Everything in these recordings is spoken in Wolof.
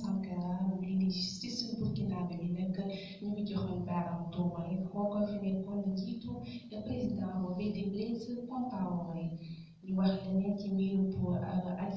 Sankara lii di justice burkinabé bi nag ñu ngi joxoñ baaraam tuuma yi kooko fi nekkoon njiitu président boobee di Blaise Compaoré ñu wax leneen ci mbirum euh, Aly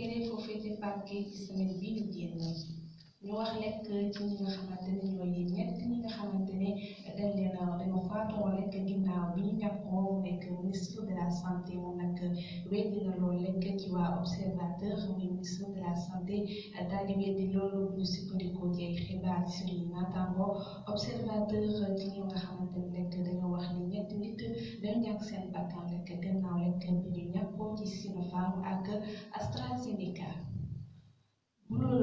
yeneen foofee ci par ci semaine bi ñu génn ñu wax lekk ci ñi nga xamante ne ñooy ñett ñi nga xamante ne dañ leen a dañu faatoo lekk ginnaaw bi ñu ñàkkoo nekk ministre de la santé moom nag weddi na loolu lekk ci waa observateur muy ministre de la santé daal di weddi loolu bu ñu sukkandikoo ci ay xibaar suñuy naataango observateur ci ñi nga xamante ne lekk dañoo wax ni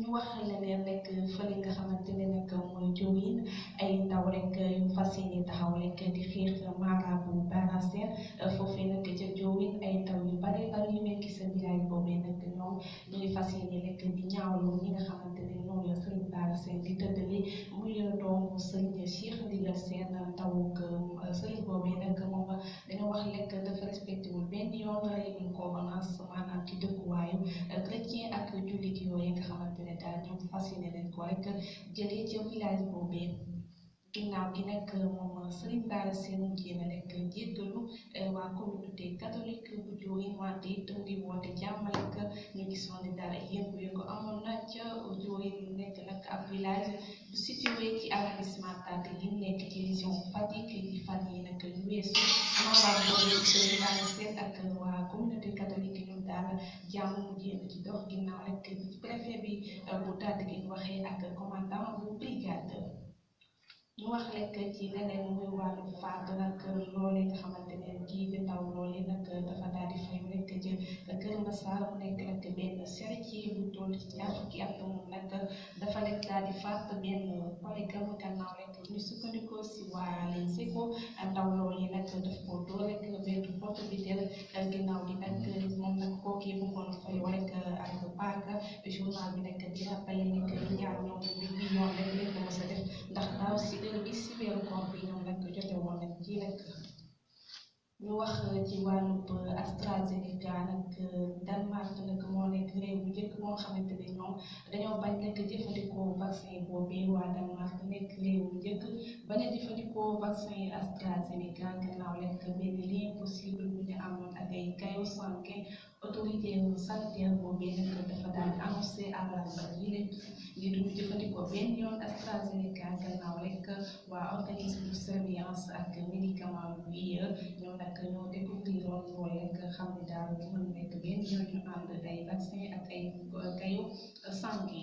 ñu wax leneen fële nga xamante ne nag mooy Diohine ay ndaw rek yu fas taxaw rek di xeex maaraabu baraseen foofee nag ca Diohine ay ndaw bare bare yu nekk sa village nag ñoom ñu nga xamante ne noonu la sëriñ di tëddali muy doomu euh, nag moom dañoo wax rek dafa respecté wul benn yoon ay inconvenance maanaam ci dëkkuwaayu euh, chrétien ak jullit yooyu xamante ne daal ñoom fas yéene leen ko rek jëlee ca village boobee ginnaaw gi nag moom Serigne Bara Sène mujjee na rek jéggalu waa communauté catholique bu Diohine wante it ngi woote jàmmale ak ñu gisoon ne dara yëngu-yëngu amoon na ca Diohine mu nekk nag ab village bu situé ci arrondissement Tataguine nekk ci région Fatick ci fan yi nag ñu weesu maa waa communauté ak waa communauté catholique ñoom daal jàmm mujjee na ci dox ginnaaw rek. Tataguine waxee ak ñu wax rek a leneen muy wàllu faat nag loolee nga xamante ne kii di taw loolee nag dafa daal di fay rek ca Kër Massar mu nekk nag benn sercier bu toll ci si waa Les ndaw loolee nag daf ko dóor benn porte bi del ginnaaw gi nag moom nag bi nag bi yoon rek def ndax daaw si téere bi si bi ñoom lañ jote woon nag ci nag ñu wax euh, ci wàllub euh, AstraZeneca nag euh, Danemark nag moo nekk réew bu njëkk moo xamante ne ñoom dañoo bañ nag jëfandikoo vaccin boobee waa Danemark nekk réew bu bañ a jëfandikoo vaccin AstraZeneca gannaaw lekk benn Kayor Sanké autorité sanitaire boobee nag dafa daal annoncé àllarba yi ne ngir ñu jëfandikoo benn yoon AstraZeneca gannaaw rek waa organisme de surveillance ak médicament bu IE ñoo nag ñoo découvrir lool rek xam ne daal mën nekk benn yoon ñu ànd ay vaccin ak ay Kayor Sanké.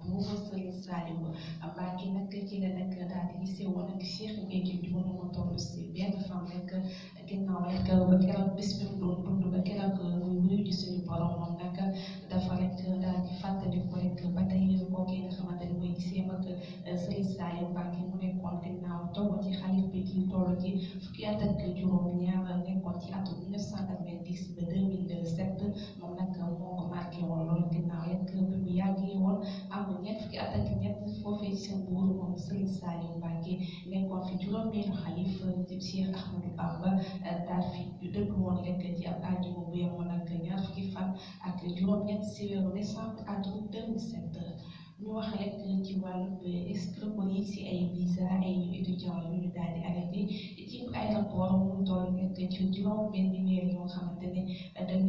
Mouvement Saliou Mbacké nag ci la nag daal di gisee woon ak Cheikh Béthio a ji suñu moom nag dafa rek daal di fàttali ko rek ba tey kookee nga xamante ne mooy gisee mag Serigne Saliou Mbacké mu nekkoon ginnaaw toog ci xalif bi ci toll ci fukki at ak juróom ñaar nekkoon ci atum 1990 ba 2007 moom nag moo ko marqué woon loolu ginnaaw am na ñett fukki at ak ñett foofee ci Mbuur moom Sëriñ Saliou Mbacké nekkoon fi juróom-benn xalif ci Cheikh Ahmadou Bamba eh, daal fi dëgg woon rek ci ab ak juróom-ñett si weeru décembre atum 2007 ñu wax rek ci wàllu escroquerie yi si ay visa ay ñu daal di arrêté ci aéroport mu toll rek ci juróom-benn weer yoo xamante ne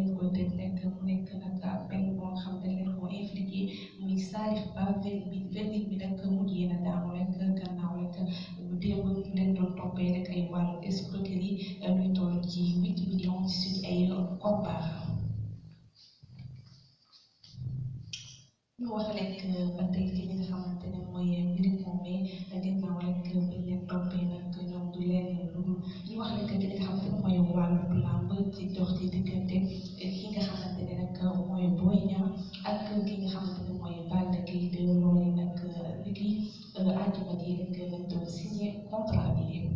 هو غلك بدي فيني خمت نموية بريد مومي بديت نعولك بديت ربينا كنوم دولان ولوم الوحلة كتلت حمت نموية وعلى بلان بدي دوختي تكتي كينا خمت نمك موية بوينا أك كينا خمت نموية بالك يدورون أك بكي أعجب ديالك نبدو سيني كونترا بيه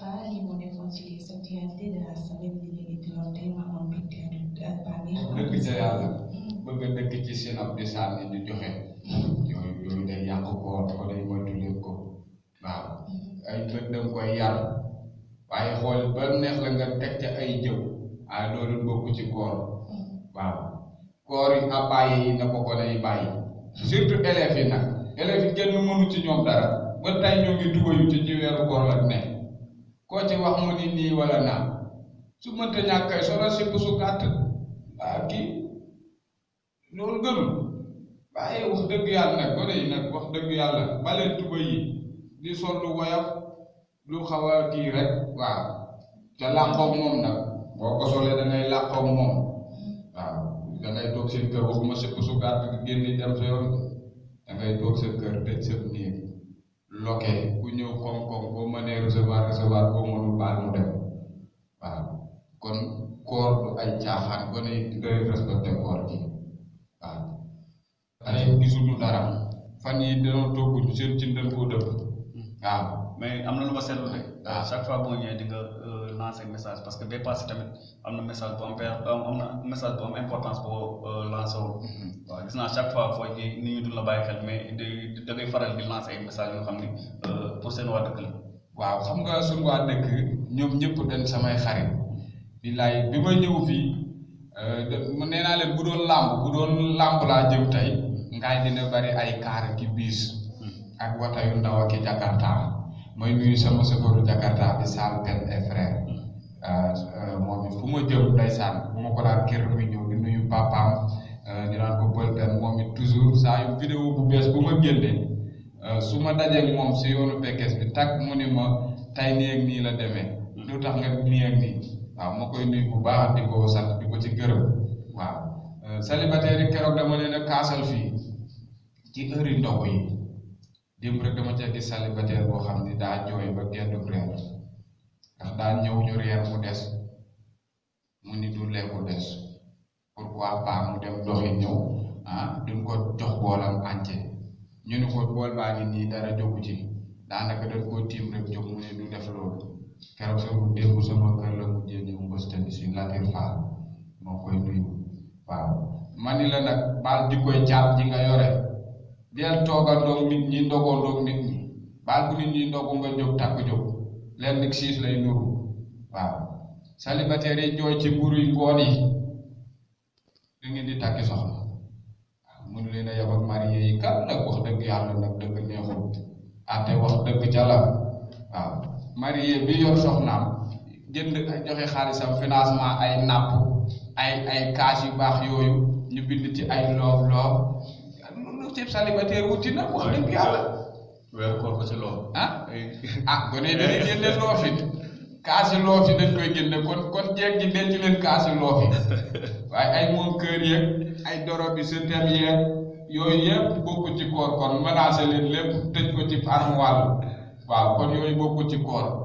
فعالي منافون في الحساب ديال ديال السبب اللي كنت نعطيه مع ممكن كانت بعدين. bëgg dëkk ci seen ab desaan di joxe yooyu yooyu day yàq koor ko day moytu leen ko waaw ay tëdd da nga koy yar waaye xool ba neex la nga teg ca ay jëw ah loolu bokk ci koor waaw koor yi abbaye yi na ko ko lay bàyyi surtout élèves yi nag élèves yi kenn mënu ci ñoom dara ba tey ñoo ngi ci ci weeru koor la ne koo ci wax mu ni nii wala naa su mënta ñàkk kay solo si bu su gàtt ah kii loolu gënu bàyyi wax dëgg yàlla nag gone nag wax dëgg yàlla baleen tuba yi di sol woyof lu xaw rek waaw te làqoog moom nag boo ko solee da moom waaw da ngay kër waxuma sëpp su gàtt ku ñëw koom-koom boo mënee recevoir recevoir boo mënul baal mu dem waaw kon koor du ay caaxaan gone yi ngay koor gi xale fan yi hmm. mais am na lu chaque fois boo ñëwee di euh, message parce que bee passé tamit am na message bu am am na message bu am euh, hmm. fois fooy ni nit ñi du la bàyyi xel mais da da ngay faral di euh, pour seen waa dëkk la waaw xam nga suñu dëkk ñoom ñëpp dañ samay xarit di bi ma ñëw fii nee naa leen bu doon làmb bu doon làmb laa jëm tey ngaay dina bari ay kaar ki biis ak wata yu ndaw ak jakarta may nuyu sama sëfëru jakarta bi Sall Kane et euh, euh, moom it fu ma jëm ndeysaan bu ma ko daan kër mi ñëw papaam ñu euh, naan ko Paul Kane moom it toujours saa yu vidéo bu bees bu ma génnee su ma dajee moom si yoonu Pekes bi takk mu ni ma tey nii ak nii la demee lu tax nga nii ak nii waaw ma koy nuyu bu baax di ko sant di ko ci gërëm waaw célibataire yi dama leen a kaasal fii ci heure yi ndog yi dem rek dama cee gis célibataire bo xamni da joy ba gendu reer ndax da ñew ñu reer mu dess mu ni du lekku dess pourquoi pas mu dem doxi ñew ah duñ ko jox bolam ànce ñu ni ko bol ba ngi ni dara jógu ci da naka da ko tim rek jox mu ni du def loolu keroog sama démb sama kër la mujjee ñëw mbëstani si latir fa mo koy nuyu Wow. ma ni la nag baal jikkoy caab ji nga yore del toogandoog nit ñi ndogandoog nit ñi baal bu ñi ndogu nga jóg takk jóg lenn siis lay nuru waaw célibataire yi jooy ci buri ngoon yi da ngeen di takki soxla waaw leen a yab ak marié yi kan nag wax dëgg yàlla nag dëgg neexut ate wax dëgg ca waaw marié bi yor soxnaam jënd joxe xaalisam financement ay napp ay ay kaas yu baax yooyu ñu bind ci ay loof loof lu ceeb célibataire wuti na wax dëgg yàlla. weer koor ko ci loof. ah ah gone dana génne loof it kaasi loof yi dañ koy génne kon kon jeeg ji ay moom ay doro bi sëtam yeeg yooyu yëpp bokku ci koor kon menacé leen lépp tëj ko ci armoire waaw kon yooyu bokku ci koor.